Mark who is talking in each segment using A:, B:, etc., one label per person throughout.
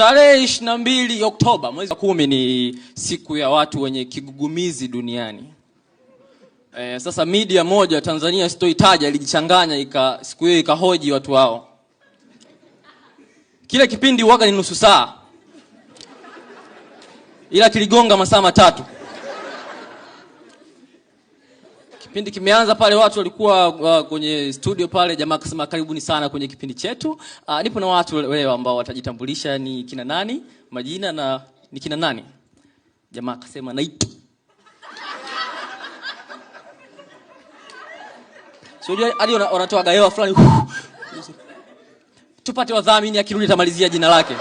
A: Tarehe ishirini na mbili Oktoba mwezi wa kumi ni siku ya watu wenye kigugumizi duniani. E, sasa media moja Tanzania sitoitaja ilijichanganya ika siku hiyo ikahoji watu wao. Kile kipindi waga ni nusu saa, ila kiligonga masaa matatu. Kipindi kimeanza pale, watu walikuwa uh, kwenye studio pale, jamaa akasema karibuni sana kwenye kipindi chetu. Uh, nipo na watu leo ambao watajitambulisha ni kina nani, majina na ni kina nani. Jamaa akasema naitwa hadi wanatoa gaewa fulani. Tupate wadhamini akirudi atamalizia jina lake.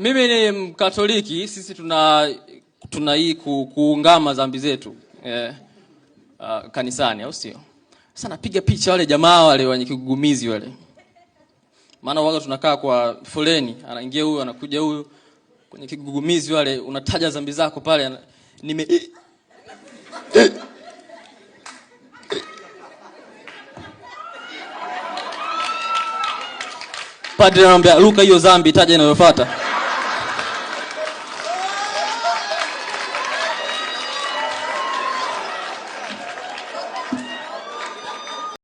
A: mimi ni Mkatoliki, sisi tuna tuna hii ku, kuungama dhambi zetu eh, uh, kanisani au sio? Sasa napiga picha wale jamaa wale wenye kigugumizi wale, maana waga tunakaa kwa foleni, anaingia huyu anakuja huyu kwenye kigugumizi wale, unataja zambi zako pale, nime eh, eh, eh. padre anamwambia Luka, hiyo zambi taja inayofuata.